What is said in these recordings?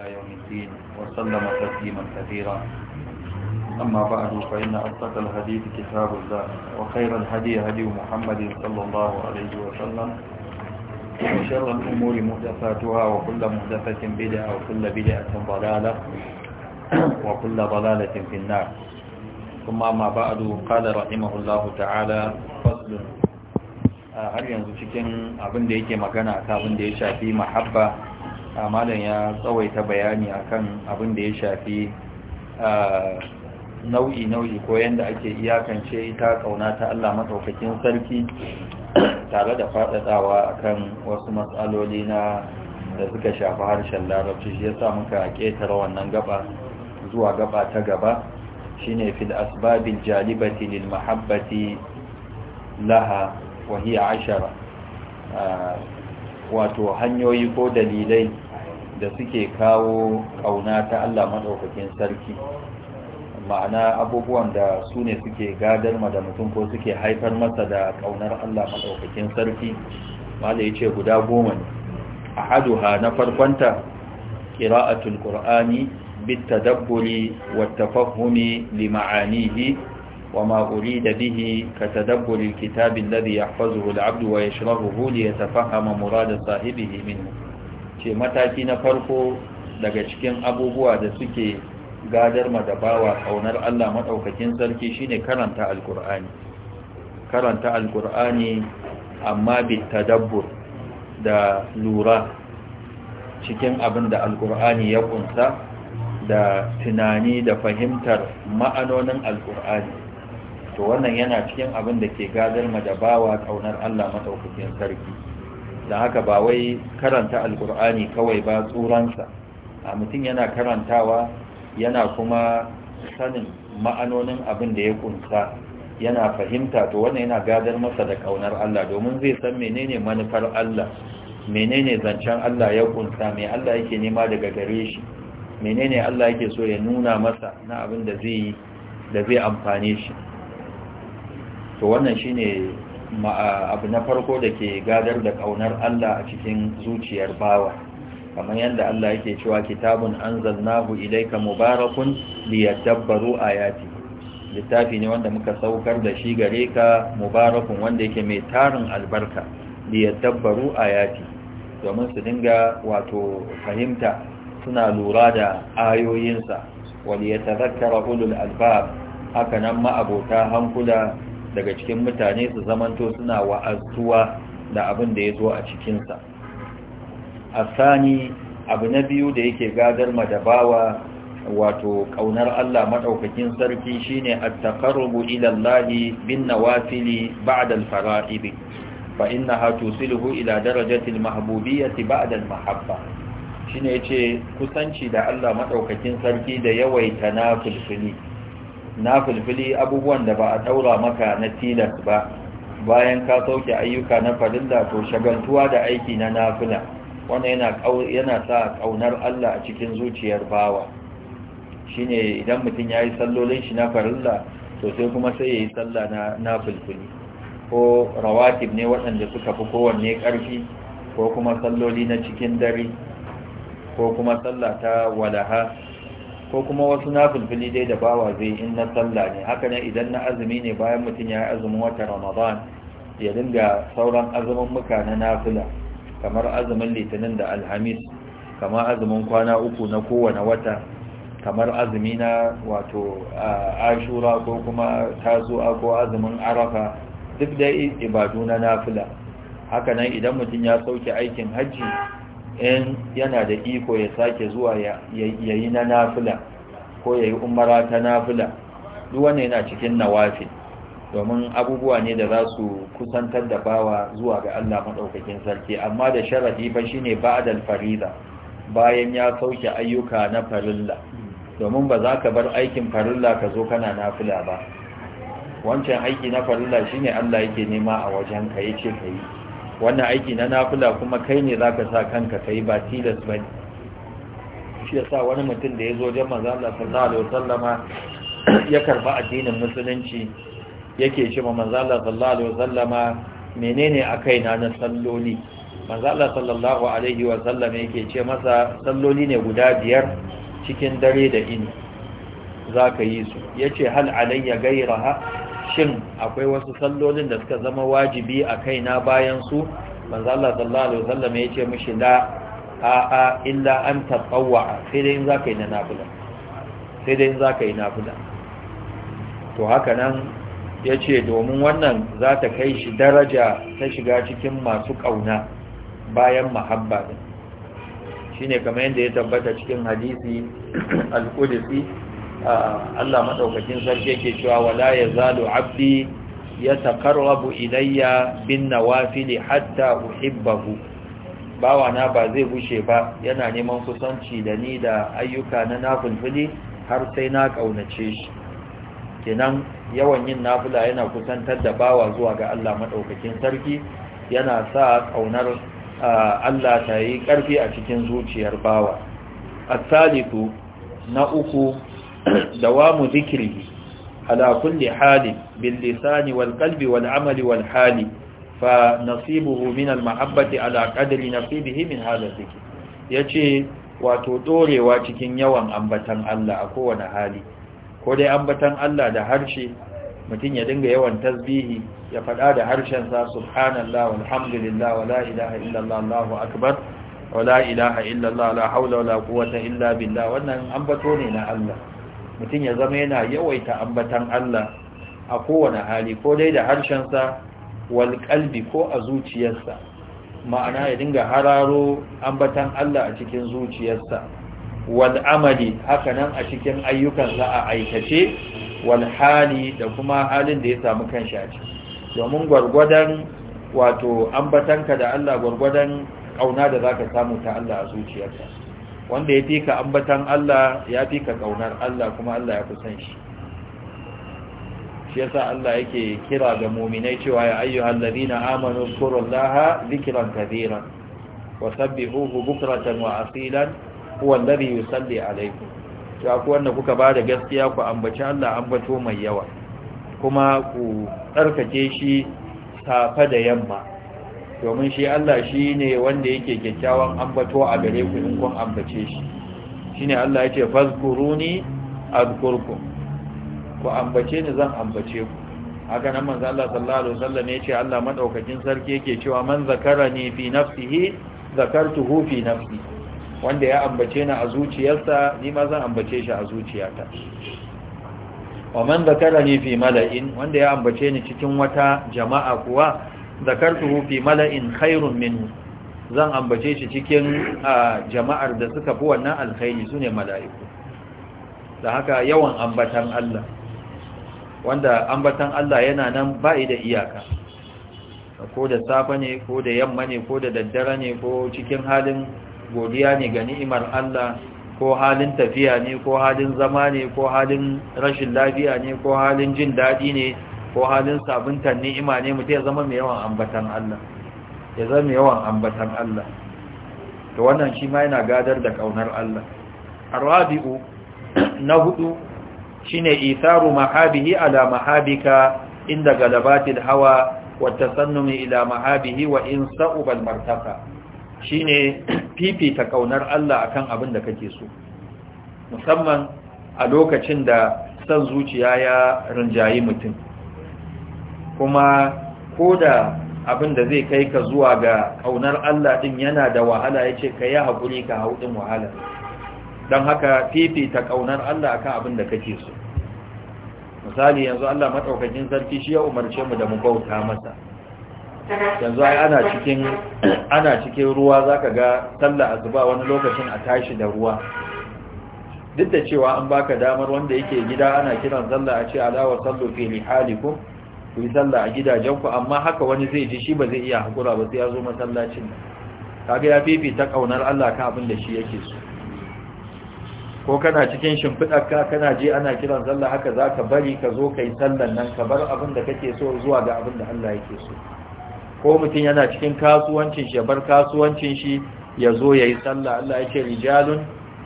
إلى يوم الدين وسلم تسليما كثيرا أما بعد فإن أصدق الحديث كتاب الله وخير الهدي هدي محمد صلى الله عليه وسلم وشر الأمور مهدفاتها وكل مهدفة بدعة وكل بدعة ضلالة وكل ضلالة في النار ثم ما بعد قال رحمه الله تعالى فصل har yanzu cikin abin da yake magana ta abin da ya shafi mahabba malam ya tsawaita bayani akan abin da ya shafi nau'i-nau'i ko yadda ake iyakance ita kauna ta Allah matsaukakin sarki tare da faɗaɗawa akan wasu matsaloli na da suka shafi harshen larabci shi sa muka ƙetare wannan gaba zuwa gaba ta gaba shine fil asbabil jalibati lil mahabbati laha wa hiya wato hanyoyi ko dalilai da suke kawo ƙauna ta Allah maɗaukakin sarki ma'ana abubuwan da su ne suke gadar ma da mutum ko suke haifar masa da ƙaunar Allah maɗaukakin sarki mala ya ce guda goma ne a ha na farkonta ƙira'atul ƙur'ani Bitta tadabburi wa tafahumi li ma'anihi وما أريد به كتدبر الكتاب الذي يحفظه العبد ويشرحه ليتفهم مراد صاحبه منه ce mataki na farko daga cikin abubuwa da suke gadar madabawa kaunar Allah madaukakin sarki shine karanta alqur'ani karanta alqur'ani amma bi tadabbur da lura cikin abin da alqur'ani ya kunsa da tunani da fahimtar ma'anonin alqur'ani to wannan yana cikin abin da ke gadar majabawa kaunar Allah madaukakin sarki da haka ba wai karanta alkur'ani kawai ba tsuransa a mutum yana karantawa yana kuma sanin ma'anonin abin da ya kunsa yana fahimta to wannan yana gadar masa da kaunar Allah domin zai san menene manufar Allah menene zancen Allah ya kunsa me Allah yake nema daga gare shi menene Allah yake so ya nuna masa na abin da zai da zai amfane shi to wannan shine abu na farko da ke gadar da ƙaunar Allah a cikin zuciyar bawa kamar yadda Allah yake cewa kitabun anzalnahu ilayka mubarakun liyadabbaru ayati littafi ne wanda muka saukar da shi gare ka mubarakun wanda yake mai tarin albarka liyadabbaru ayati domin su dinga wato fahimta suna lura da ayoyinsa ya yatadhakkara ulul albab haka nan ma'abota hankula daga cikin mutane su zamanto suna wa'azuwa da abin da ya zo a cikinsa asani abu na biyu da yake gadar madabawa wato kaunar Allah maɗaukakin sarki shine ne taqarrubu ila Allah bin nawafili ba'da al-fara'id fa innaha tusiluhu ila darajati al-mahbubiyyati ba'da al-mahabba shine yace kusanci da Allah maɗaukakin sarki da yawaita nafilfili na filfili abubuwan da ba a daura maka na tilas ba bayan ka sauke ayyuka na farilla to shagaltuwa da aiki na nafila wannan yana yana sa kaunar Allah a cikin zuciyar bawa shine idan mutum yi sallolin shi na farilla to sai kuma sai ya yi salla na nafilfili ko rawatib ne waɗanda suka fi kowanne ƙarfi ko kuma salloli na cikin dare ko kuma sallah ta walaha ko kuma wasu na fulfili dai da bawa zai in na sallah ne haka ne idan na azumi ne bayan mutum ya yi azumin wata ramadan ya dinga sauran azumin muka na nafila kamar azumin litinin da alhamis kamar azumin kwana uku na kowane wata kamar azumi na wato ashura ko kuma tasu'a ko azumin arafa duk da ibadu na nafila haka nan idan mutum ya sauke aikin hajji in yana da iko ya sake zuwa ya yi na nafila ko ya yi umara ta nafila duk wannan yana cikin nawafi, domin abubuwa ne da za su kusantar da bawa zuwa ga Allah maɗaukakin sarki amma da sharafi fa shine ba'dal farida bayan ya sauke ayyuka na farilla domin ba za ka bar aikin farilla ka zo kana nafila ba wancan aiki na farilla shine Allah yake nema a wajen ka yace kai wannan aiki na nafila kuma kai ne za ka sa kanka kai ba tilas bane shi yasa wani mutum da ya zo jan maza Allah sallallahu alaihi sallama ya karba addinin musulunci yake ce ma manzo Allah sallallahu sallama menene a na na salloli manzo Allah sallallahu alaihi wasallama yake ce masa salloli ne guda biyar cikin dare da ini ka yi su yace hal alayya ha shin akwai wasu sallolin da suka zama wajibi a kaina bayan su manzo Allah sallallahu alaihi ya ce mashi da. a'a illa an tatawwa sai dai in za ka yi na nafila sai dai in za ka yi nafila to haka nan ya domin wannan za ta kai shi daraja ta shiga cikin masu ƙauna bayan mahabba din shi kamar yadda ya tabbata cikin hadisi al-qudsi Allah madaukakin sarki yake cewa wala yazalu abdi yataqarrabu ilayya bin nawafil hatta uhibbahu bawana ba zai bushe ba yana neman kusanci da ni da ayyuka na nafulfuli har sai na ƙaunace shi kenan yawan yin nafula yana kusantar da bawa zuwa ga Allah maɗaukakin sarki yana sa ƙaunar Allah ta yi ƙarfi a cikin zuciyar bawa asalitu na uku dawamu zikiri ala kulli hali bil lisani wal qalbi wal amali wal hali fa nasibuhu min al-mahabbati ala qadri nasibihi min hadha dhikr yace wato dorewa cikin yawan ambatan Allah a kowane hali ko dai ambatan Allah da harshe mutum ya dinga yawan tasbihi ya faɗa da harshen sa subhanallah walhamdulillah wala ilaha illallah allahu akbar wala illallah la wala quwwata illa billah wannan ambato ne na Allah mutum ya zama yana yawaita ambatan Allah a kowane hali ko dai da harshen sa Walƙalbi ko a zuciyarsa ma'ana ya dinga hararo ambatan Allah a cikin zuciyarsa wal amali hakanan a cikin ayyukansa a aikace walhali da kuma halin da ya samu kan shaci. domin gwargwadon wato ambatanka da Allah gwargwadon ƙauna da zaka samu ta Allah a zuciyarka wanda ya fi ka ambatan Allah ya fi ka Allah kuma Allah ya fi san shi shi yasa Allah yake kira ga mu'minai cewa ya ayyuhal ladina amanu zkurullaha dhikran kathiran sabbihuhu bukratan wa asilan huwa alladhi yusalli alaykum to ku wanda kuka bada gaskiya ku ambaci Allah ambato mai yawa kuma ku tsarkake shi safa da yamma domin shi Allah shi ne wanda yake kyakkyawan ambato a gare ku in kun ambace shi shine Allah yace fazkuruni azkurkum ku ambace ni zan ambace ku haka nan manzo Allah sallallahu alaihi wasallam ya ce Allah madaukakin sarki yake cewa man zakarani fi nafsihi zakartuhu fi nafsi wanda ya ambace ni a zuciyarsa ni ma zan ambace shi a zuciyata wa man zakarani fi mala'in wanda ya ambace ni cikin wata jama'a kuwa zakartuhu fi mala'in khairun minhu zan ambace shi cikin jama'ar da suka fi wannan alkhairi sune mala'iku da haka yawan ambatan Allah wanda ambatan Allah yana nan bai da iyaka ko da safe ne ko da yamma ne ko da daddare ne ko cikin halin godiya ne ga ni'imar Allah ko halin tafiya ne ko halin zama ne ko halin rashin lafiya ne ko halin jin daɗi ne ko halin sabuntan ni'ima ne mutum ya zama mai yawan ambatan Allah ya zama mai yawan ambatan Allah to wannan shi ma yana gadar da kaunar Allah arabi'u na hudu shine itharu mahabihi ala mahabika inda galabatil hawa wa tasannumi ila mahabihi wa in sa'ubal martaka shine fifita kaunar Allah akan abin da kake so musamman a lokacin da san zuciya ya rinjayi mutum kuma koda abin da zai kai ka zuwa ga kaunar Allah din yana da wahala yace ka yi hakuri ka haudin wahala don haka fifita ƙaunar Allah akan abin da kake so misali yanzu Allah maɗaukakin sarki shi ya umarce mu da mu bauta masa yanzu ai ana cikin ana cikin ruwa zaka ga sallah zuba wani lokacin a tashi da ruwa duk da cewa an baka damar wanda yake gida ana kiran sallah a ce alawa sallu fi lihalikum ku yi sallah a ku amma haka wani zai ji shi ba zai iya hakura ba sai ya zo masallacin kaga ya ta kaunar Allah ka abin da shi yake so ko kana cikin shimfiɗarka kana je ana kiran sallah haka za ka bari ka zo ka yi sallan nan ka bar abin da kake so zuwa ga abin da Allah yake so ko mutum yana cikin kasuwancin shi ya bar kasuwancin shi ya zo ya yi sallah Allah ya ce rijalun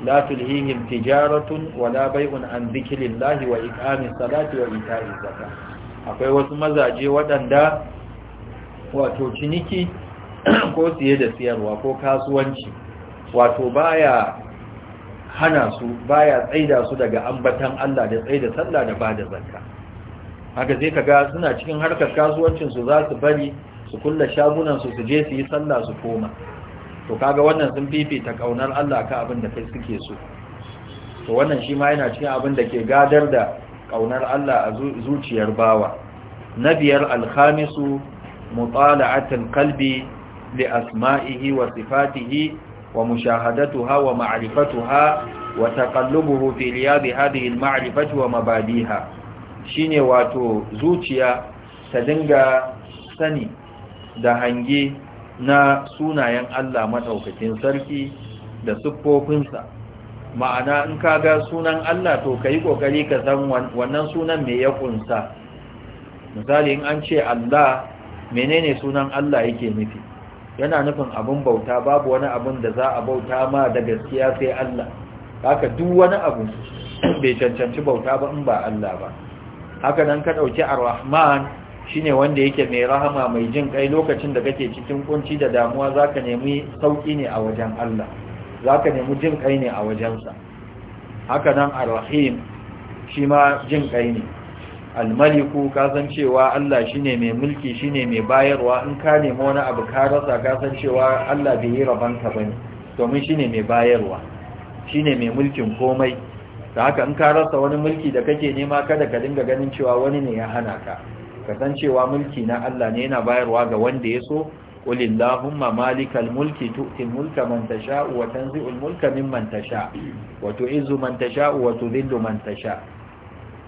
la tulhihim tijaratun wala bay'un an zikrillahi wa iqamis salati wa ita'i zakat akwai wasu mazaje waɗanda wato ciniki ko siye da siyarwa ko kasuwanci wato baya hana su baya tsaida su daga ambatan Allah da tsaida sallah da bada zakka haka zai kaga suna cikin harkar kasuwancin su za su bari su kulla shagunan su su je su yi sallah su koma to kaga wannan sun fifita kaunar Allah ka abin da kai suke so to wannan shi ma yana cikin abin da ke gadar da kaunar Allah a zuciyar bawa na biyar alkhamisu mutala'atul qalbi li asma'ihi wa sifatihi Wa ومشاهدتها ومعرفتها وتقلبه في رياض هذه المعرفة ومباديها shine wato zuciya ta dinga sani da hange na sunayen Allah madaukakin sarki da siffofinsa ma'ana in ka ga sunan Allah to kai kokari ka san wannan sunan me ya kunsa misali in an ce Allah menene sunan Allah yake nufi yana nufin abin bauta babu wani abun da za a bauta ma da gaskiya sai Allah haka duk wani abu bai cancanci bauta ba in ba Allah ba haka nan ka ɗauki ar-rahman shine wanda yake mai rahama mai jin kai lokacin da kake cikin kunci da damuwa zaka nemi sauki ne a wajen Allah zaka nemi jin kai ne a wajensa haka nan ar-rahim shi ma jin kai ne almaliku san cewa Allah shine mai mulki shine mai bayarwa in ka nemi wani abu ka rasa san cewa Allah bai yi rabanka bane domin shine mai bayarwa shine mai mulkin komai da haka in ka rasa wani mulki da kake nema kada ka dinga ganin cewa wani ne ya hana ka cewa mulki na Allah ne yana bayarwa ga wanda ya so qulillahumma malikal mulki tu'til mulka man tasha'u wa tanzi'ul mulka mimman tasha'u wa tu'izzu man tasha'u wa tudhillu man tasha'u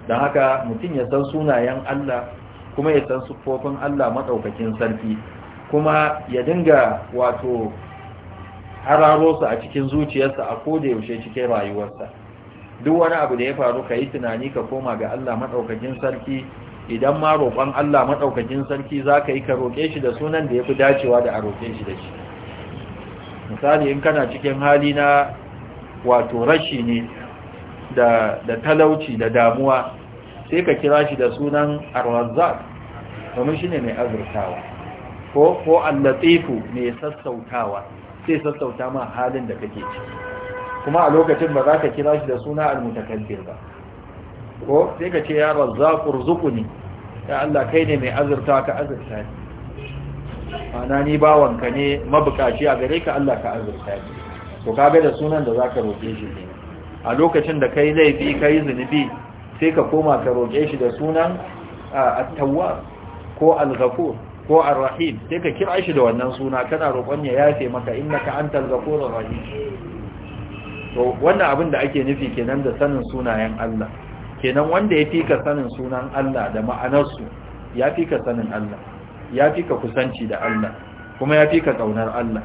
don haka mutum ya san sunayen Allah kuma ya san siffofin Allah maɗaukakin sarki kuma ya dinga wato hararo su a cikin zuciyarsa a koda yaushe cikin rayuwarsa duk wani abu da ya faru ka yi tunani ka koma ga Allah maɗaukakin sarki idan ma roƙon Allah maɗaukakin sarki za ka yi ka roƙe shi da sunan da ya fi dacewa da a roƙe shi da shi misali in kana cikin hali na wato rashi ne da talauci da damuwa sai ka kira shi da sunan arwazzaq domin shi ne mai azurtawa ko ko allatifu mai sassautawa sai sassauta ma halin da kake ci kuma a lokacin ba za ka kira shi da suna almutakabbir ba ko sai ka ce ya razzaq urzuquni ya Allah kai ne mai azurta ka azurta ni ana ni bawanka ne mabukaci a gare ka Allah ka azurta ni to kaga da sunan da zaka roke shi ne a lokacin da kai laifi kai zunubi sai ka koma ka roƙe shi da sunan at ko al-ghafur ko ar-rahim sai ka kira shi da wannan suna kana roƙon ya yafe maka innaka antal ghafurur rahim to wannan abin da ake nufi kenan da sanin sunayen Allah kenan wanda ya fika sanin sunan Allah da ma'anarsu ya fika sanin Allah ya fika kusanci da Allah kuma ya fika kaunar Allah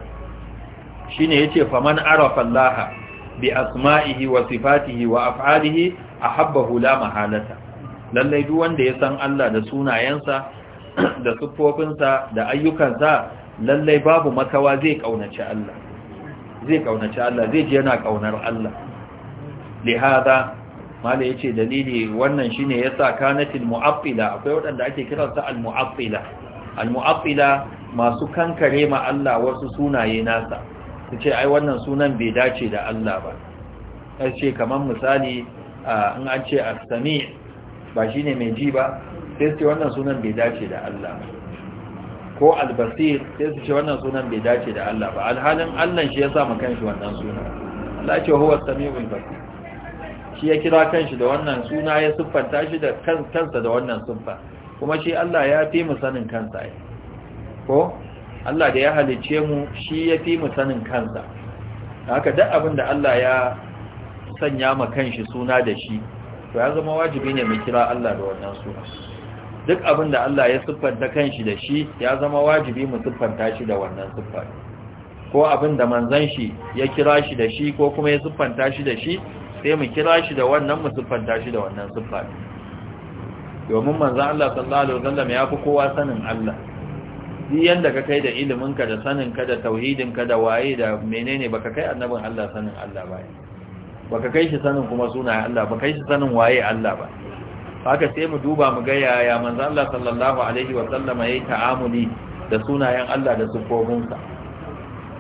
shine yace faman arafa Allah bi asma'ihi wa sifatihi wa af'alihi ahabbahu la mahalata lallai duk wanda ya san Allah da sunayensa da sifofinsa da ayyukansa lallai babu makawa zai kaunaci Allah zai kaunaci Allah zai ji yana kaunar Allah lihada mala yace dalili wannan shine yasa kanatil mu'attila akwai wadanda ake su al mu'attila al mu'attila masu kankare ma Allah wasu sunaye nasa su ce ai wannan sunan bai dace da Allah ba sai ce kamar misali in an ce as-sami ba shine mai ji ba sai su ce wannan sunan bai dace da Allah ba ko al-basir sai su ce wannan sunan bai dace da Allah ba alhalin Allah shi ya sa mu kanshi wannan sunan Allah ya ce huwa as-sami'ul basir shi ya kira kanshi da wannan suna ya siffanta shi da kansa da wannan siffa kuma shi Allah ya fi mu sanin kansa ko Allah da ya halice mu shi ya fi mu sanin kansa haka duk abin da Allah ya sanya ma kanshi suna da shi to ya zama wajibi ne mu kira Allah da wannan suna duk abin da Allah ya siffanta kanshi da shi ya zama wajibi mu siffanta shi da wannan siffa ko abin da manzon shi ya kira shi da shi ko kuma ya siffanta shi da shi sai mu kira shi da wannan mu siffanta shi da wannan siffa domin manzon Allah sallallahu alaihi wasallam ya fi kowa sanin Allah duk yanda ka kai da iliminka da saninka da tauhidinka da waye da menene baka kai annabin Allah sanin Allah ba baka kai shi sanin kuma sunayen Allah baka kai shi sanin waye Allah ba haka sai mu duba mu ga yaya manzo Allah sallallahu alaihi wa sallama yayi ta'amuli da sunayen Allah da sufofinsa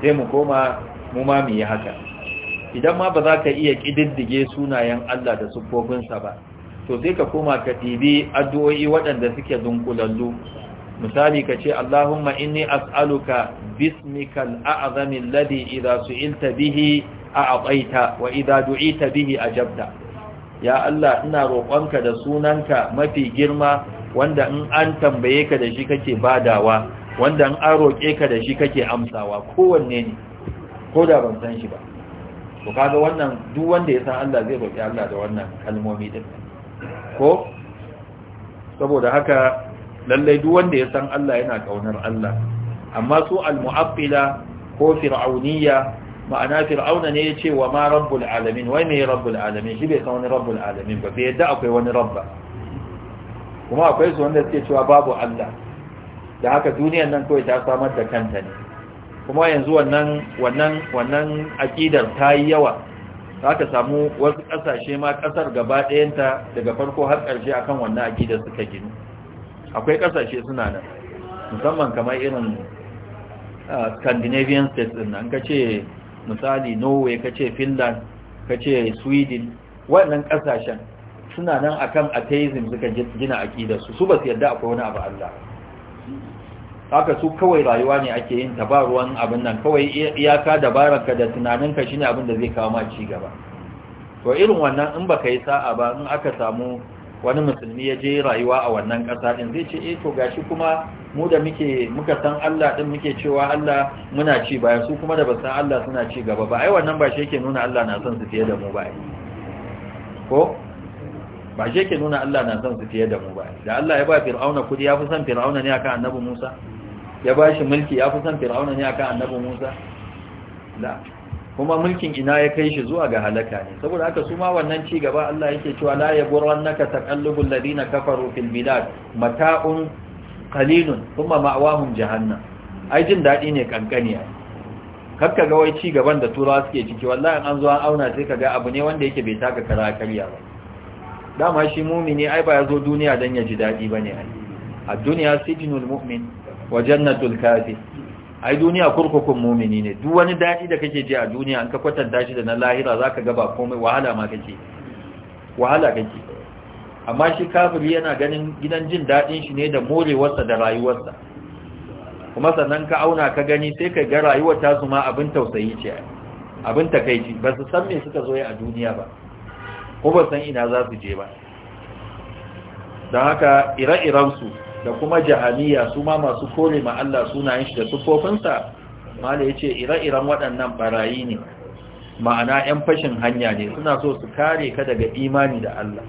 sai mu koma mu ma mu yi haka idan ma ba za ka iya kididdige sunayen Allah da sufofinsa ba to sai ka koma ka dibi addu'o'i waɗanda suke dunkulallu misali ka ce Allahumma inni as'aluka bismikal a'zami alladhi idza su'ilta bihi a'taita wa idza du'ita bihi ajabta ya Allah ina roƙonka da sunanka mafi girma wanda in an tambaye ka da shi kake badawa wanda in an roƙe ka da shi kake amsawa kowanne ne ko da ban san shi ba to kaga wannan duk wanda ya san Allah zai roƙi Allah da wannan kalmomi din ko saboda haka lallai duk wanda ya san Allah yana kaunar Allah amma su al-mu'abbila ko fir'auniyya ma'ana fir'auna ne ya ce wa ma rabbul alamin wai me rabbul alamin shi bai san wani rabbul alamin ba bai yadda akwai wani rabba kuma akwai su wanda suke cewa babu Allah da haka duniyar nan kawai ta samar da kanta ne kuma yanzu wannan wannan wannan ta yi yawa zaka samu wasu kasashe ma kasar gaba ɗayanta daga farko har ƙarshe akan wannan akidar suka ginu akwai kasashe suna nan musamman kamar irin scandinavian states din nan kace misali norway kace finland kace sweden waɗannan kasashen suna nan akan atheism suka gina akida su ba su yarda akwai wani abu Allah haka su kawai rayuwa ne ake yin ta ba ruwan abin nan kawai iyaka baraka da tunaninka shine abin da zai kawo ma ci gaba to irin wannan in baka yi sa'a ba in aka samu wani musulmi ya je rayuwa a wannan ƙasa ɗin zai ce eh to gashi kuma mu da muke muka san Allah din muke cewa Allah muna ci baya su kuma da ba san Allah suna ci gaba ba ai wannan ba shi yake nuna Allah na son su fiye da mu ba ko ba shi yake nuna Allah na son su fiye da mu ba da Allah ya ba Fir'auna kudi ya fi son Fir'auna ne akan Annabi Musa ya ba shi mulki ya fi son Fir'auna ne akan Annabi Musa la kuma mulkin ina ya kai shi zuwa ga halaka ne saboda haka su ma wannan ci gaba Allah yake cewa la naka taqallubul ladina kafaru fil bilad mata'un qalilun kuma ma'wahum jahannam ai jin dadi ne kankani kakka ga wai ci gaban da turawa suke ciki wallahi an zo an auna sai kaga abu ne wanda yake bai taka kara karya ba dama shi mumini ai ba ya zo duniya dan ya ji dadi bane ai a duniya sijinul mu'min wa jannatul kafir ai duniya kurkukun mumini ne duk wani daɗi da kake ji a duniya an ka kwatanta shi da na lahira za ka gaba komai wahala ma kake wahala kake amma shi kafiri yana ganin gidan jin daɗin shi ne da morewarsa da rayuwarsa kuma sannan ka auna ka gani sai ka ga rayuwar su ma abin tausayi ce abin takaici ba su san me suka zo a duniya ba ko ba san ina za su je ba don haka ire su. da kuma jahaniya su ma masu kore ma Allah sunayen shi da sufofinsa mala ya ce ire-iren waɗannan barayi ne ma'ana 'yan fashin hanya ne suna so su kare ka daga imani da Allah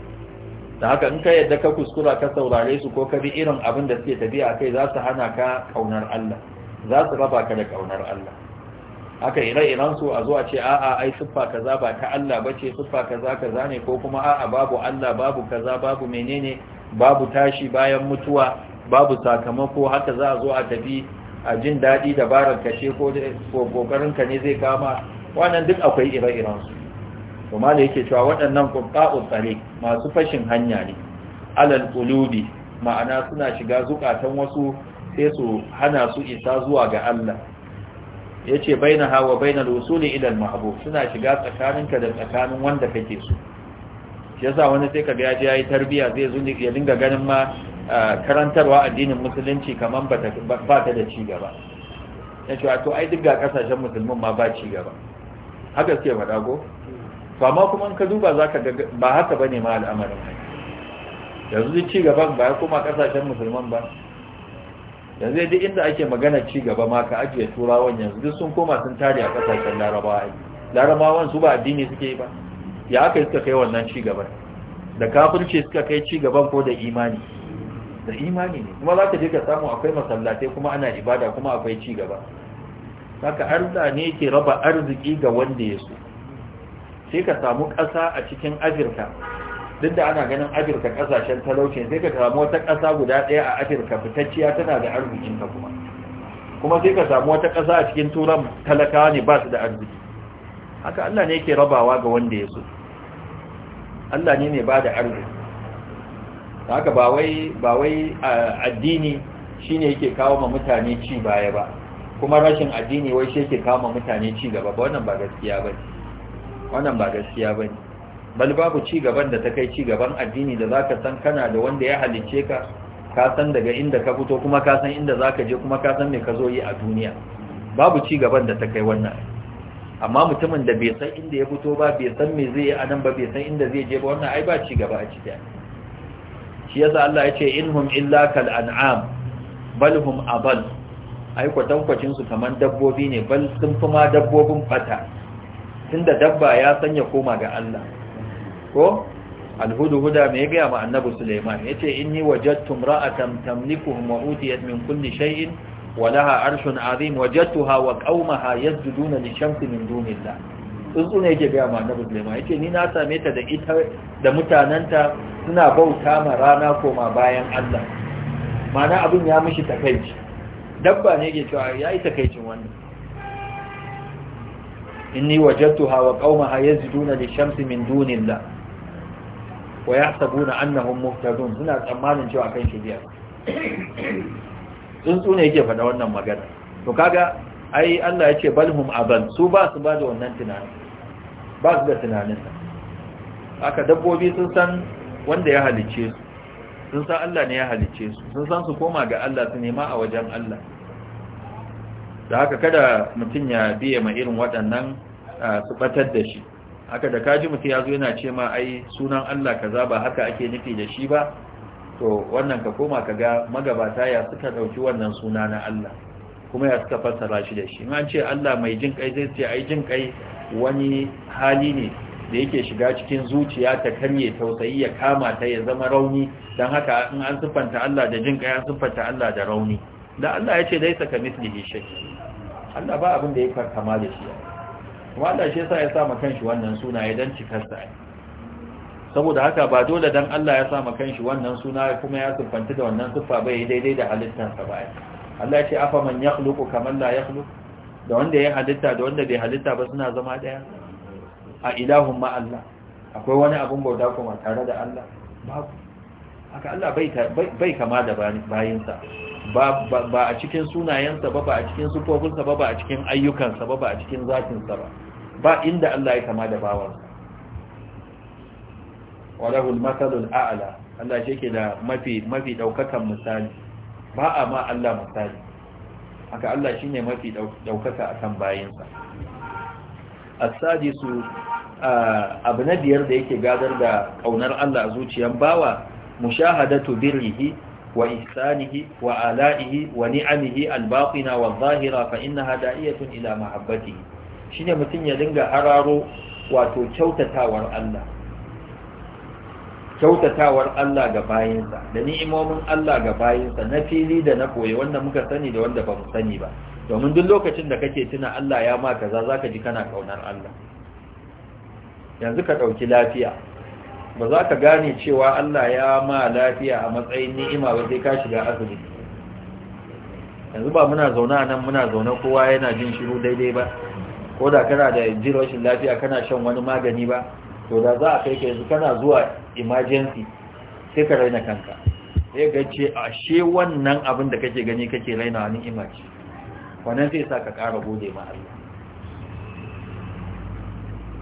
da haka in ka yadda ka kuskura ka saurare su ko ka bi irin abin da suke tafiya kai za su hana ka kaunar Allah za su raba ka da kaunar Allah haka ire-iren su a zo a ce a'a ai siffa kaza ba ta Allah bace siffa kaza kaza ne ko kuma a'a babu Allah babu kaza babu menene babu tashi bayan mutuwa babu sakamako haka za a zo a tafi a jin daɗi dabarar ka ko kokarin ne zai kama wannan duk akwai ire-iren su kuma da yake cewa waɗannan qur'a'u tsare masu fashin hanya ne alal qulubi ma'ana suna shiga zukatan wasu sai su hana su isa zuwa ga Allah yace bainaha wa bainal wusuli ila al mahbub suna shiga tsakaninka da tsakanin wanda kake so shi yasa wani sai kaga ya je yayi tarbiya zai zo ya dinga ganin ma karantarwa addinin musulunci kaman ba ta da ci gaba ya ce to ai duk ga kasashen musulmin ma ba ci gaba haka suke faɗa ko to amma kuma in ka duba za ga ba haka bane ma al'amarin yanzu duk ci gaban ba ya koma kasashen musulman ba yanzu duk inda ake magana ci gaba ma ka ajiye turawan yanzu duk sun koma sun tare a kasashen larabawa larabawan su ba addini suke yi ba ya aka yi suka kai wannan cigaban da kafirci suka kai cigaban ko da imani da imani ne kuma za ka je ka samu akwai masallatai kuma ana ibada kuma akwai cigaba haka Allah ne ke raba arziki ga wanda ya so sai ka samu ƙasa a cikin afirka duk da ana ganin afirka ƙasashen talauci sai ka samu wata ƙasa guda ɗaya a afirka fitacciya tana da arzikinta kuma kuma sai ka samu wata ƙasa a cikin turan talakawa ne ba su da arziki haka Allah ne ke rabawa ga wanda ya so Allah ne mai bada arziki haka ba wai ba wai addini shine yake kawo ma mutane ci baya ba kuma rashin addini wai shi yake kawo ma mutane ci gaba ba wannan ba gaskiya ne. wannan ba gaskiya ne. bal babu ci gaban da ta kai ci gaban addini da zaka san kana da wanda ya halice ka ka san daga inda ka fito kuma ka san inda zaka je kuma ka san me ka zo yi a duniya babu ci gaban da ta kai wannan amma mutumin da bai san inda ya fito ba bai san me zai yi anan ba bai san inda zai je ba wannan ai ba ci gaba a ciki shi yasa Allah ya ce inhum illa kal an'am bal hum abal ai kwatankwacin su kaman dabbobi ne bal sun fi ma dabbobin fata tunda dabba ya sanya koma ga Allah ko alhudu huda mai gaya ma annabi Suleiman yace ce inni wajattum ra'atan tamlikuhum wa utiyat min kulli shay'in walaha arshun azim wajadtuha wa qaumaha yasjuduna lishamsi min dunillah tsuntsu ne yake gaya ma annabi Sulaiman yace ni na same ta da ita da mutananta suna bauta ma rana koma bayan Allah mana abin ya mishi takeici dabba ne yake cewa yayi takeicin wannan inni wajadtuha wa qaumaha yazduna lishamsi min dunillah wa yahsabuna annahun muhtadun suna tsammanin cewa kan shiriya tsuntsu ne yake faɗa wannan magana to kaga ai Allah ya ce balhum aban su ba su ba da wannan tunani ba su da tunanin sa aka dabbobi sun san wanda ya halice su sun san Allah ne ya halice su sun san su koma ga Allah su nema a wajen Allah da haka kada mutum ya biye ma irin waɗannan su batar da shi haka da kaji mutum ya zo yana ce ma ai sunan Allah kaza ba haka ake nufi da shi ba to wannan ka koma ka ga magabata ya suka ɗauki wannan suna na Allah kuma ya suka fassara shi da shi an ce Allah mai jin kai zai ce ai jin kai wani hali ne da yake shiga cikin zuciya ta karye tausayi ya kama ta ya zama rauni don haka in an siffanta Allah da jin kai an siffanta Allah da rauni da Allah ya ce dai saka misli shi shi Allah ba abin da ya kama da shi kuma Allah shi yasa ya sa ma kanshi wannan suna idan cikarsa sa. saboda haka ba dole dan Allah ya sa ma kanshi wannan suna kuma ya siffanci da wannan siffa bai daidai da halittarsa ba Allah ya ce afa man yakhluqu kaman la yakhluq da wanda ya halitta da wanda bai halitta ba suna zama daya a ilahun ma Allah akwai wani abun bauta kuma tare da Allah babu haka Allah bai kama da bayinsa ba a cikin sunayensa ba ba a cikin sufofinsa ba ba a cikin ayyukansa ba ba a cikin zatinsa ba ba inda Allah ya kama da bawansa wa lahul mathalul a'la Allah shi yake da mafi mafi daukakan misali ba a ma Allah misali haka Allah ne mafi daukaka akan bayinsa as-sadisu abu na biyar da yake gadar da kaunar Allah a zuciyar bawa mushahadatu birrihi wa ihsanihi wa ala'ihi wa ni'amihi al-batina wa zahira fa innaha da'iyatun ila mahabbati shine mutun ya dinga hararo wato kyautatawar Allah kyautatawar Allah ga bayinsa da ni'imomin Allah ga bayinsa na fili da na koyi wanda muka sani da wanda ba mu sani ba domin duk lokacin da kake tuna Allah ya ma kaza za ka ji kana kaunar Allah yanzu ka ɗauki lafiya ba za ka gane cewa Allah ya ma lafiya a matsayin ni'ima ba sai ka shiga asibiti yanzu ba muna zaune a nan muna zaune kowa yana jin shiru daidai ba ko da kana da jin rashin lafiya kana shan wani magani ba to da za a kai ka yanzu kana zuwa emergency sai ka raina kanka sai ga ce ashe wannan abin da kake gani kake raina wani imaci wannan sai sa ka ƙara gode ma Allah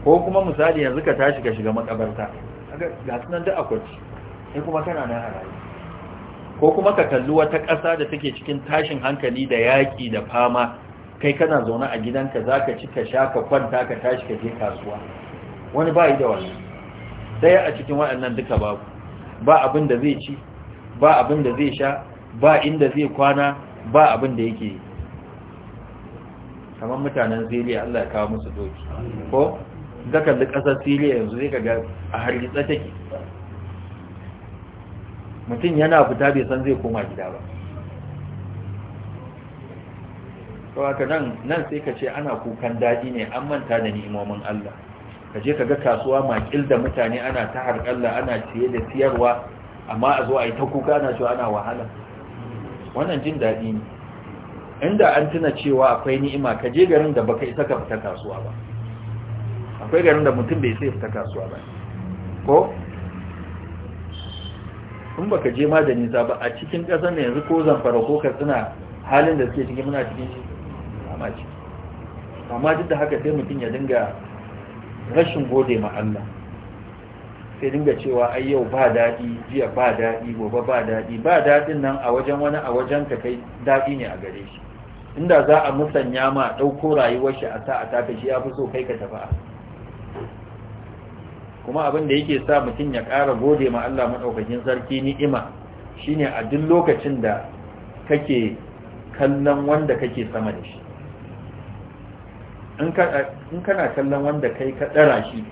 ko kuma misali yanzu ka tashi ka shiga makabarta ga sunan da akwai sai kuma kana nan a ko kuma ka kalli wata ƙasa da take cikin tashin hankali da yaƙi da fama kai kana zaune a gidanka za ka ci ka sha ka kwanta ka tashi ka je kasuwa wani ba yi da wannan daya a cikin waɗannan duka babu ba abin da zai ci ba abin da zai sha ba inda zai kwana ba abin da yake kamar mutanen siriya allah ya kawo musu doki ko zaka da ƙasar siriya yanzu zai kaga a hargitsa take mutum yana fita bai san zai koma gida ba Kawaka nan nan sai ka ce ana kukan daji ne an manta da ni'imomin allah ka je ka ga kasuwa makil da mutane ana ta harƙalla ana ciye da siyarwa amma a zo a yi ta kuka ana cewa ana wahala wannan jin daɗi ne inda an tuna cewa akwai ni'ima ka je garin da baka isa ka fita kasuwa ba akwai garin da mutum bai sai fita kasuwa ba ko in baka je ma da nisa ba a cikin ƙasar da yanzu ko zamfara ko katsina halin da suke cikin muna cikin shi amma duk da haka sai mutum ya dinga rashin gode ma Allah sai dinga cewa ai yau ba daɗi jiya ba daɗi gobe ba daɗi ba daɗin nan a wajen wani a wajen ka kai daɗi ne a gare shi inda za a musanya ma ɗauko rayuwar shi a sa a taka shi ya fi so kai ka tafi a kuma abin da yake sa mutum ya ƙara gode ma Allah maɗaukakin sarki ni'ima shine a duk lokacin da kake kallon wanda kake sama da shi in kana kallon wanda kai ka ɗara shi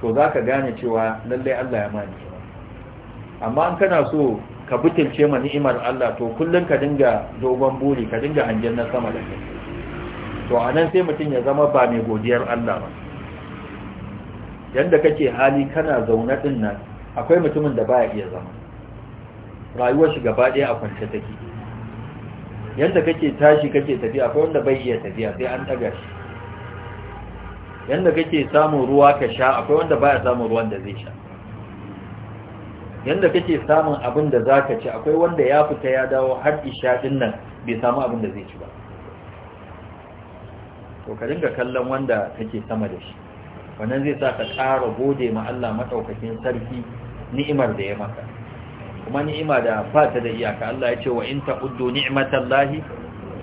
to za ka gane cewa lallai Allah ya mani amma in kana so ka butulce ma ni'imar Allah to kullum ka dinga dogon buri ka dinga hangen na sama da kai to a nan sai mutum ya zama ba mai godiyar Allah ba yadda kake hali kana zaune ɗin nan akwai mutumin da baya iya zama rayuwar shi gaba ɗaya a kwance take yadda kake tashi kake tafiya akwai wanda bai iya tafiya sai an ɗaga shi yanda kake samun ruwa ka sha akwai wanda baya samun ruwan da zai sha yanda kake samun abin da zaka ci akwai wanda ya fita ya dawo har isha din nan bai samu abin da zai ci ba to ka dinga kallon wanda kake sama da shi wannan zai sa ka ƙara gode ma Allah matsaukakin sarki ni'imar da ya maka kuma ni'ima da fata da iyaka Allah ya ce wa in ta'uddu ni'matallahi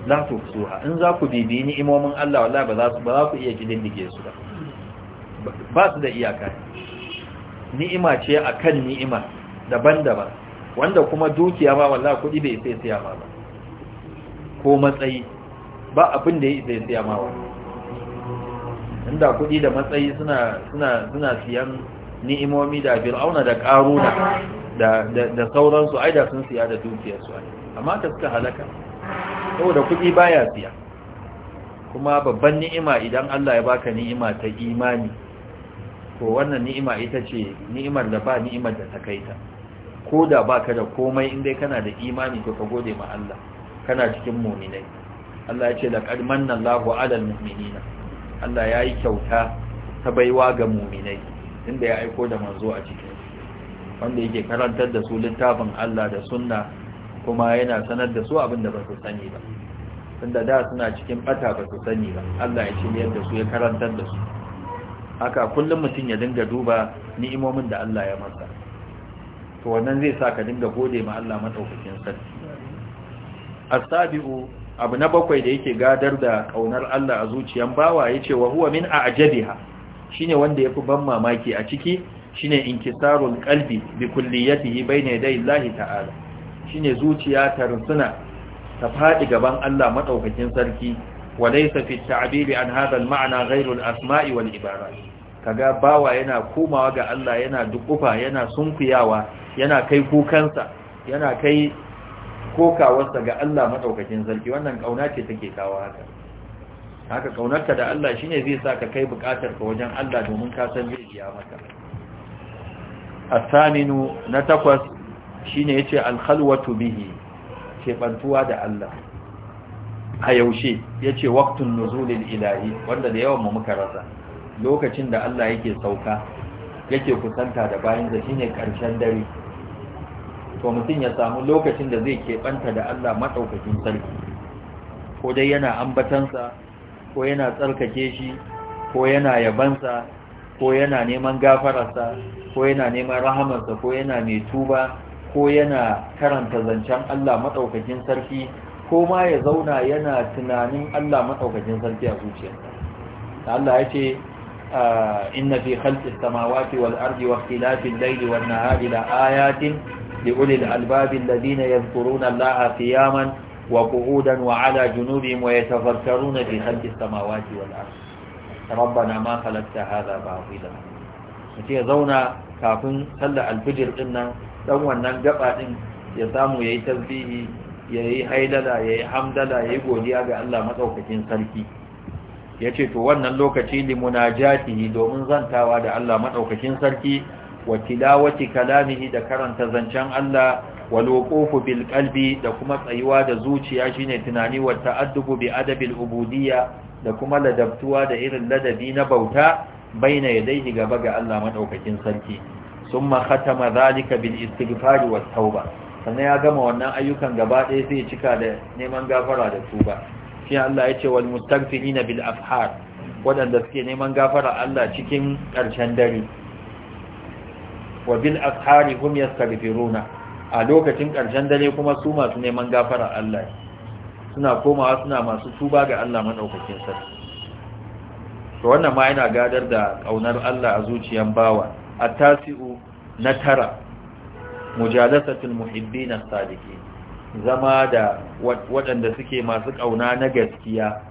la tuhsuha in za ku bibi ni'imomin Allah wallahi ba za ku ba za ku iya kididdige su ba ba su da iyaka ni'ima ce akan ni'ima daban-daban wanda kuma dukiya ma wallahi kudi bai sai siya ma ba ko matsayi ba abin da ya sai siya ma ba, inda kudi da matsayi suna suna suna siyan ni'imomi da fir'auna da karuna da da sauransu aida sun siya da dukiyarsu amma ta suka halaka saboda kuɗi baya siya kuma babban ni'ima idan Allah ya baka ni'ima ta imani ko wannan ni'ima ita ce ni'imar da ba ni'imar da ta kai ta ko da baka da komai in dai kana da imani to ka gode ma Allah kana cikin mu'minai Allah ya ce laqad manna Allahu 'alal mu'minina Allah ya yi kyauta ta baiwa ga mu'minai inda ya aiko da manzo a cikin wanda yake karantar da su littafin Allah da sunna kuma yana sanar da su abinda ba su sani ba tunda da suna cikin bata ba su sani ba Allah ya ne da su ya karantar da su haka kullum mutum ya dinga duba ni'imomin da Allah ya masa to wannan zai sa ka dinga gode ma Allah madaukakin sarki as-sabiu abu na bakwai da yake gadar da kaunar Allah a zuciyan bawa yace wa huwa min a'jabiha shine wanda yafi ban mamaki a ciki shine inkisarul qalbi bi kulliyatihi bayna yaday Allah ta'ala shine zuciya ta rasuna, ta faɗi gaban Allah madaukakin sarki wa laysa fi ta'biri an hada al-ma'na ghayru al-asma'i wal ibarat kaga bawa yana komawa ga Allah yana dukufa yana sunkuyawa yana kai kukansa yana kai kokawarsa ga Allah madaukakin sarki wannan kauna ce take kawo haka haka kaunarka da Allah shine zai sa ka kai bukatar ka wajen Allah domin ka san zai biya maka الثامن na takwas ne ya ce alkhalwatu bihi kebantuwa da Allah a yaushe ya ce waktun nuzulil ilahi wanda da yawan muka rasa lokacin da Allah yake sauka yake kusanta da bayin shine karshen dare to mutum ya samu lokacin da zai keɓanta da Allah madaukakin sarki ko dai yana ambatansa ko yana tsarkake shi ko yana yabansa ko yana neman gafararsa ko yana neman rahamarsa ko yana mai tuba ko yana karanta zancen Allah maɗaukakin sarki ko ma ya zauna yana tunanin Allah maɗaukakin sarki a zuciyarsa Allah ya ce ah, inna fi khalqis samawati wal ardi wa ikhtilafil layli wan nahari la ayatin li ulil albabi alladhina yadhkuruna Allaha qiyaman wa qu'udan wa 'ala junubihim wa yatafakkaruna fi khalqis samawati wal ardi rabbana ma khalaqta hadha batila ya zauna kafin sallar alfijir din nan dan wannan gaba din ya samu yayi tasbihi yayi haidala yayi hamdala yayi godiya ga Allah madaukakin sarki yace to wannan lokaci li munajatihi domin zantawa da Allah madaukakin sarki wa tilawati kalamihi da karanta zancen Allah wal wuqufu bil qalbi da kuma tsayuwa da zuciya shine tunani wa ta'addubu bi adabil ubudiyya da kuma ladabtuwa da irin ladabi na bauta baina yadayhi gaba ga Allah madaukakin sarki Sun ثم ختم ذلك بالاستغفار والتوبه sannan ya gama wannan ayyukan gaba ɗaya zai cika da neman gafara da tuba shi Allah ya ce wal mustaghfirina bil afhar waɗanda suke neman gafara Allah cikin ƙarshen dare wa bil afhari hum yastaghfiruna a lokacin ƙarshen dare kuma su masu neman gafara Allah suna komawa suna masu tuba ga Allah madaukakin sarki to wannan ma yana gadar da kaunar Allah a zuciyar bawa التاسع نترى مجالسة المحبين الصادقين zama da waɗanda suke masu ƙauna na gaskiya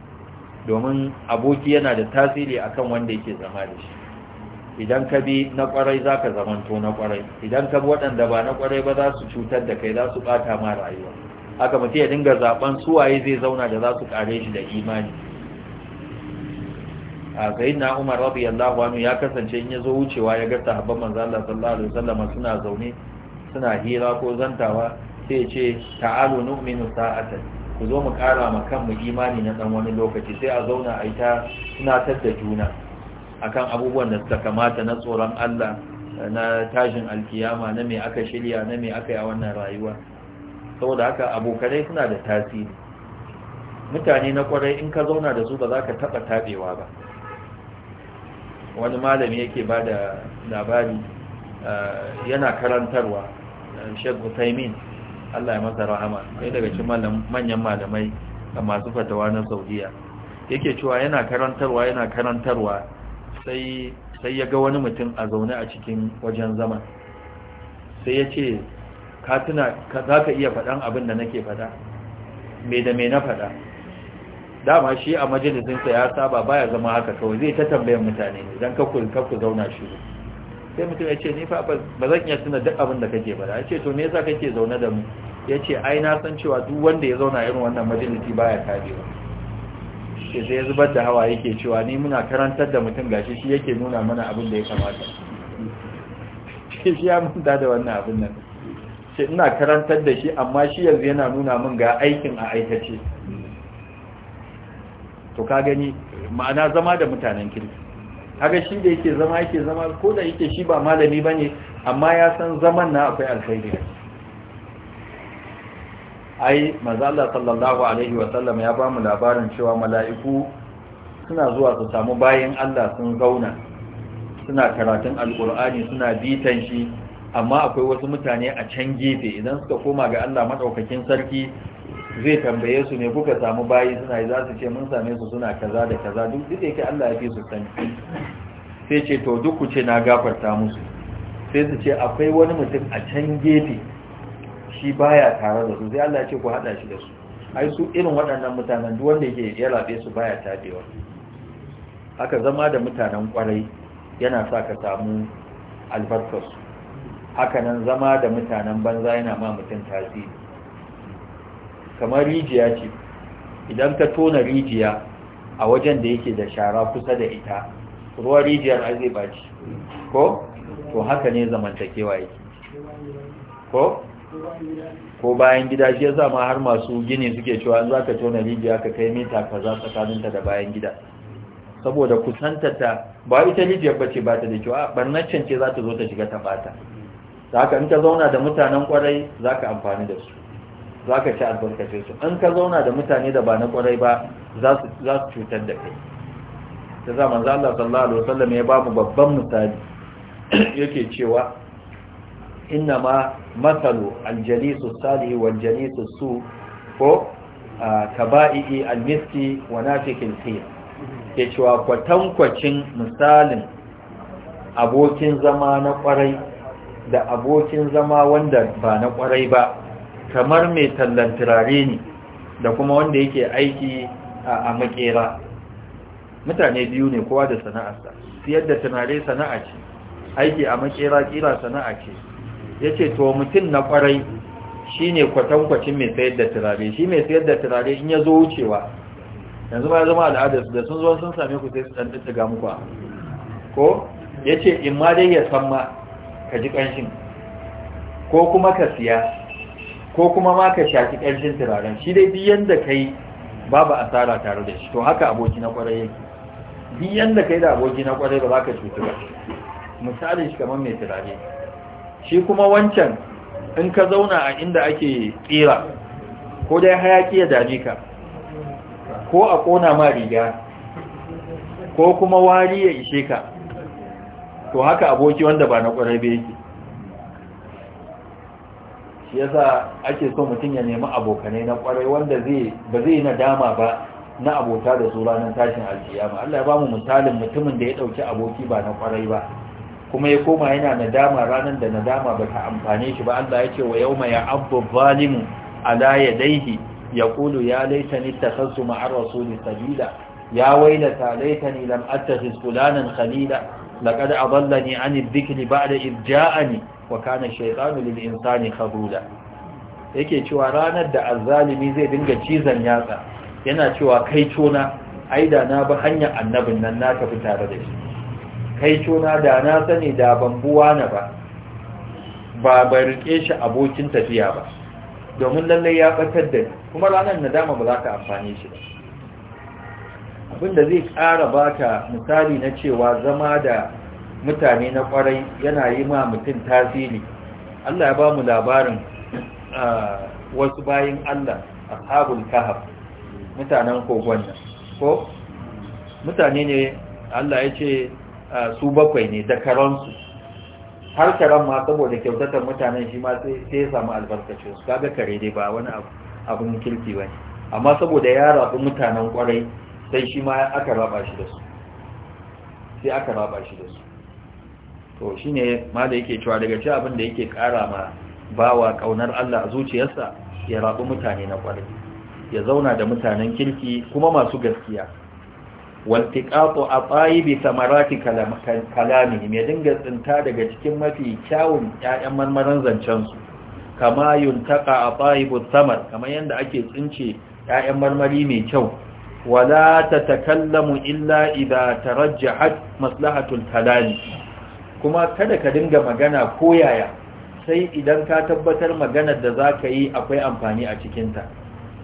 domin aboki yana da tasiri akan wanda yake zama da shi idan ka bi na ƙwarai za ka zamanto na ƙwarai idan ka bi waɗanda ba na ƙwarai ba za su cutar da kai za su ɓata ma rayuwa haka mutum ya dinga zaɓen suwaye zai zauna da za su ƙare shi da imani a na Umar radiyallahu anhu ya kasance in ya zo wucewa ya ga sahabban manzo Allah sallallahu alaihi wasallam suna zaune suna hira ko zantawa sai ya ce ta'alu nu'minu sa'atan ku zo mu kara ma kan mu imani na dan wani lokaci sai a zauna a ita suna tadda juna kan abubuwan da suka kamata na tsoron Allah na tashin alkiyama na me aka shirya na me aka yi a wannan rayuwa saboda haka abokanai suna da tasiri mutane na kwarai in ka zauna da su ba za ka taɓa taɓewa ba wani malami yake ba da labari eh, yana karantarwa eh, shek hutaimin allah ya masa rahama kai daga cikin manyan malamai masu fatawa na saudiya yake cewa yana karantarwa yana karantarwa sai ya ga wani mutum a zaune a cikin wajen zama sai ya ce ka tuna za ka iya faɗan abin da nake faɗa me da me na faɗa dama shi a majalisinsa ya saba baya zama haka kawai zai ta tambayar mutane ne don kakku ka ku zauna shi sai mutum ya ce ni fa ba zan iya tuna duk abin da kake ba ya ce to me yasa kake zaune da mu ya ce ai na san cewa duk wanda ya zauna irin wannan majalisi baya karewa ke sai ya zubar da hawa yake cewa ni muna karantar da mutum gashi shi yake nuna mana abin da ya kamata shi ya manta da wannan abin nan shi ina karantar da shi amma shi yanzu yana nuna min ga aikin a aikace to ka gani ma'ana zama da mutanen kirki haka shi da yake zama yake zama ko da yake shi ba malami ba ne amma ya san zaman na akwai alkhairi ai mazala sallallahu alaihi wasallam ya ba mu labarin cewa mala'iku suna zuwa su samu bayan Allah sun zauna suna karatun alkur'ani suna bitan shi amma akwai wasu mutane a can gefe idan suka koma ga Allah madaukakin sarki zai tambaye su ne kuka samu bayi suna yi za su ce mun same su suna kaza da kaza duk duk yake Allah ya fi su sani sai ce to duk ku ce na gafarta musu sai su ce akwai wani mutum a can gefe shi baya tare da su sai Allah ya ce ku hada shi da su ai su irin waɗannan mutanen duk wanda yake ya rabe su baya tabewa haka zama da mutanen kwarai yana sa ka samu albarkarsu haka nan zama da mutanen banza yana ma mutum tasiri kamar rijiya ce idan ka tona rijiya a wajen da yake da shara kusa da ita ruwan rijiyar ai zai baci ko to haka ne zamantakewa yake ko ko bayan gida shi yasa ma har masu gini suke cewa an ka tona rijiya ka kai mita kaza tsakaninta da bayan gida saboda kusantata ba ita rijiyar bace ba ta da kyau a barnaccen ce za ta zo ta shiga ta bata za haka in ka zauna da mutanen kwarai za ka amfani da su za ka ci albarkace su in ka zauna da mutane da ba na kwarai ba za su cutar da kai ta za Allah sallallahu alaihi wasallam ya ba mu babban misali yake cewa inna ma matalu aljalisu salihi wal jalisu su ko kaba'i almiski wa nafikin khair ke cewa kwatankwacin misalin abokin zama na kwarai da abokin zama wanda ba na kwarai ba kamar mai tallan turare ne da kuma wanda yake aiki a makera mutane biyu ne kowa da sana'arsa siyar da turare sana'a ce aiki a makera kira sana'a ce ya ce to mutum na kwarai shi ne kwatankwacin mai sayar da turare shi mai sayar da turare in ya zo wucewa yanzu ba ya zama al'adarsu da sun zo sun same ku sai su ɗan ɗiga muku ko ya ce in ma dai ya san ma ka ji ƙanshin ko kuma ka siya ko kuma ma ka shafi ƙarshen turaren shi dai biyan da kai babu asara tare da shi to haka aboki na ƙwarai yake biyan da kai da aboki na ƙwarai ba za ka cutu ba misali shi kamar mai turare shi kuma wancan in ka zauna a inda ake tsira ko dai hayaki ya dame ka ko a ƙona ma riga ko kuma wari ya ishe ka to haka aboki wanda ba na ƙwarai ba yake yasa ake so mutum ya nemi abokanai na kwarai wanda ba zai nadama ba na abota da su ranar tashin alkiyama Allah ya bamu misalin mutumin da ya dauki aboki ba na kwarai ba kuma ya koma yana nadama ranar da nadama ba ta amfane shi ba Allah ya ce wa yawma ya abu zalimu ala ya yaqulu ya laitani takhassu ma'a rasuli sabila ya wailata laitani lam attakhiz fulanan khalila laqad adallani 'ani adh-dhikri ba'da idh ja'ani wa kana shaytanu lil insani khaduda yake cewa ranar da azzalimi zai dinga cizon yatsa yana cewa kai cona aida na bi hanyar annabin nan na tafi tare da shi kai cona da na sani da ban buwa na ba ba ba rike shi abokin tafiya ba domin lallai ya batar da ni kuma ranar nadama ba za ka amfani shi ba abinda zai ƙara baka misali na cewa zama da mutane na kwarai yana yi ma mutum tasiri Allah ya ba mu labarin wasu bayin Allah ashabul kahf mutanen kogon nan ko mutane ne Allah ya ce su bakwai ne da karansu har karan ma saboda kyautatar mutanen shi ma sai ya samu albarkacin su ga kare dai ba wani abin kirki ba ne amma saboda ya rabu mutanen kwarai sai shi ma aka raba shi da su sai aka raba shi da su to ne ma da yake cewa daga ci abin da yake kara ma bawa ƙaunar Allah a zuciyarsa ya rabu mutane na kwarai ya zauna da mutanen kirki kuma masu gaskiya waltiqatu atayib samarati Kalami, mai dinga tsinta daga cikin mafi kyawun ƴaƴan marmaran zancen su kama yuntaqa atayib samar kamar yadda ake tsince 'ya'yan marmari mai kyau wala ta tatakallamu illa rajja tarajjahat maslahatul kalami kuma kada ka dinga magana ko yaya sai idan ka tabbatar maganar da za ka yi akwai amfani a cikinta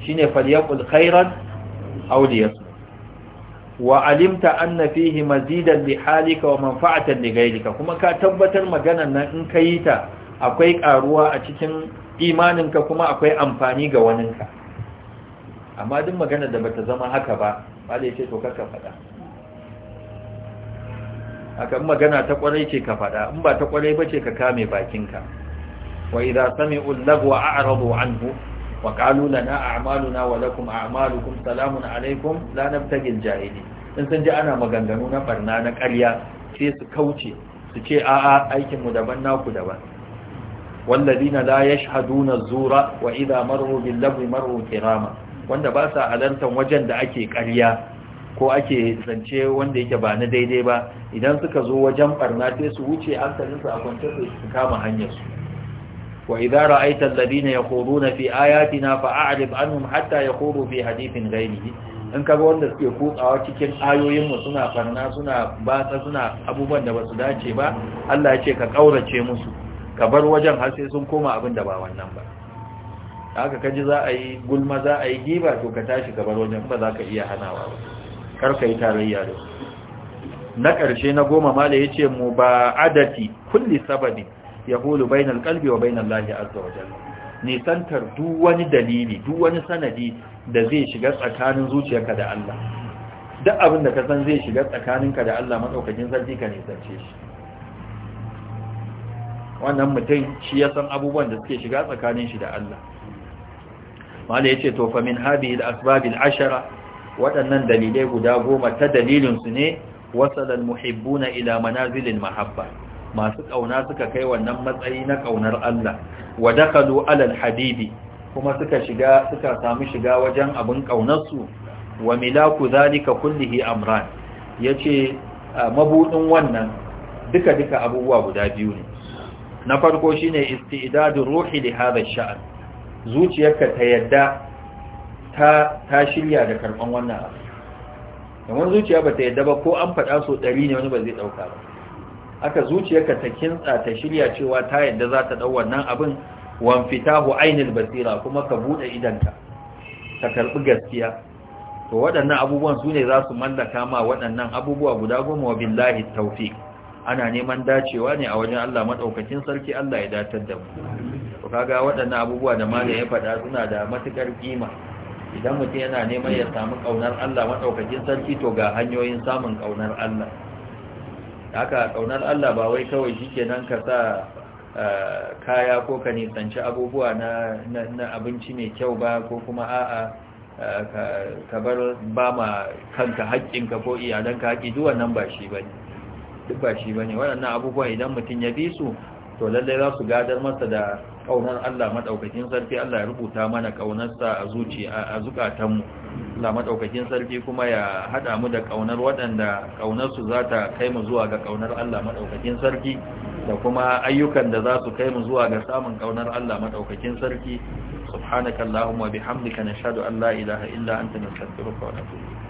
shi ne falyakul khairar auliyarsu wa alimta na fihi mazidan da halika wa manfa'atan da kuma ka tabbatar maganar nan in ka yi ta akwai ƙaruwa a cikin imaninka kuma akwai amfani ga waninka amma duk maganar da bata zama haka ba ba da yace to kaka faɗa haka magana ta kwarai ce ka faɗa in ba ta kwarai ba ce ka kame bakinka wa idza sami'u arabu a'radu anhu wa qalu lana a'maluna wa lakum a'malukum salamun alaikum la nabtagil jahili in sun ji ana maganganu na barna na ƙarya sai su kauce su ce a'a aikin mu daban naku daban walladina la yashhaduna zura wa idza marru bil lagwi marru kirama wanda ba sa halartar wajen da ake ƙarya ko ake zance wanda yake ba na daidai ba idan suka zo wajen barna sai su wuce hankalinsu a kwance su kama hanyar su wa idza ra'aita alladhina yaquluna fi ayatina fa'arif anhum hatta yaqulu fi hadithin ghayrihi in kaga wanda suke kutsawa cikin ayoyin mu suna barna suna batsa suna abubuwan da basu dace ba Allah ya ce ka kaurace musu ka bar wajen har sai sun koma abin da ba wannan ba haka kaji za a yi gulma za a yi giba to ka tashi ka bar wajen ba za ka iya hanawa ba karka yi tarayya da su na ƙarshe na goma Malam ya ce mu ba adati kulli sababi ya hulu bainal kalbi wa bainal lahi azza wa jalla nisantar duk wani dalili duk wani sanadi da zai shiga tsakanin zuciyarka da Allah duk abin da ka san zai shiga tsakaninka da Allah madaukakin sarki ka nisance shi wannan mutum shi ya san abubuwan da suke shiga tsakanin shi da Allah mala ya ce to fa min hadhihi al asbab al ashara waɗannan dalilai guda goma ta dalilinsu ne wasalar muhibbuna ila manazilin mahabba masu ƙauna suka kai wannan matsayi na ƙaunar Allah wa dakalu alal habibi kuma suka shiga suka samu shiga wajen abin ƙaunarsu wa milaku zalika kullihi amran yace mabudin wannan duka duka abubuwa guda biyu ne na farko shine istidadu ruhi li hadha zuciyarka ta yadda ta shirya da karban wannan abu kamar zuciya ba ta yadda ba ko an faɗa so ɗari ne wani ba zai ɗauka ba aka ka ta kintsa ta shirya cewa ta yadda za ta ɗau wannan abin wan fita fitahu ainihin basira kuma ka buɗe idanta ta karɓi gaskiya to waɗannan abubuwan su ne za su mallaka ma waɗannan abubuwa guda goma wa billahi taufi ana neman dacewa ne a wajen Allah madaukakin sarki Allah ya datar da mu to kaga waɗannan abubuwa da malam ya faɗa suna da matukar kima idan mutum yana neman ya samu ƙaunar Allah maɗaukakin sarki to ga hanyoyin samun ƙaunar Allah haka ƙaunar Allah ba wai kawai shi nan ka sa eh, kaya ko ka nisanci abubuwa na abinci mai kyau ba ko kuma a'a eh, ka bar ba ma kanka haƙƙinka ko iyalanka haƙƙi duk wannan ba shi ba ne duk ba shi ba ne waɗannan abubuwa idan mutum ya bi su to lallai za su gadar masa da kaunar Allah madaukakin sarki Allah ya rubuta mana kaunarsa a zuciya a zukatanmu Allah madaukakin sarki kuma ya hada mu da kaunar waɗanda kaunarsu za ta kai mu zuwa ga kaunar Allah madaukakin sarki da kuma ayyukan da za su kai mu zuwa ga samun kaunar Allah madaukakin sarki subhanaka allahumma bihamdika nashhadu an la ilaha illa anta nastaghfiruka wa natubu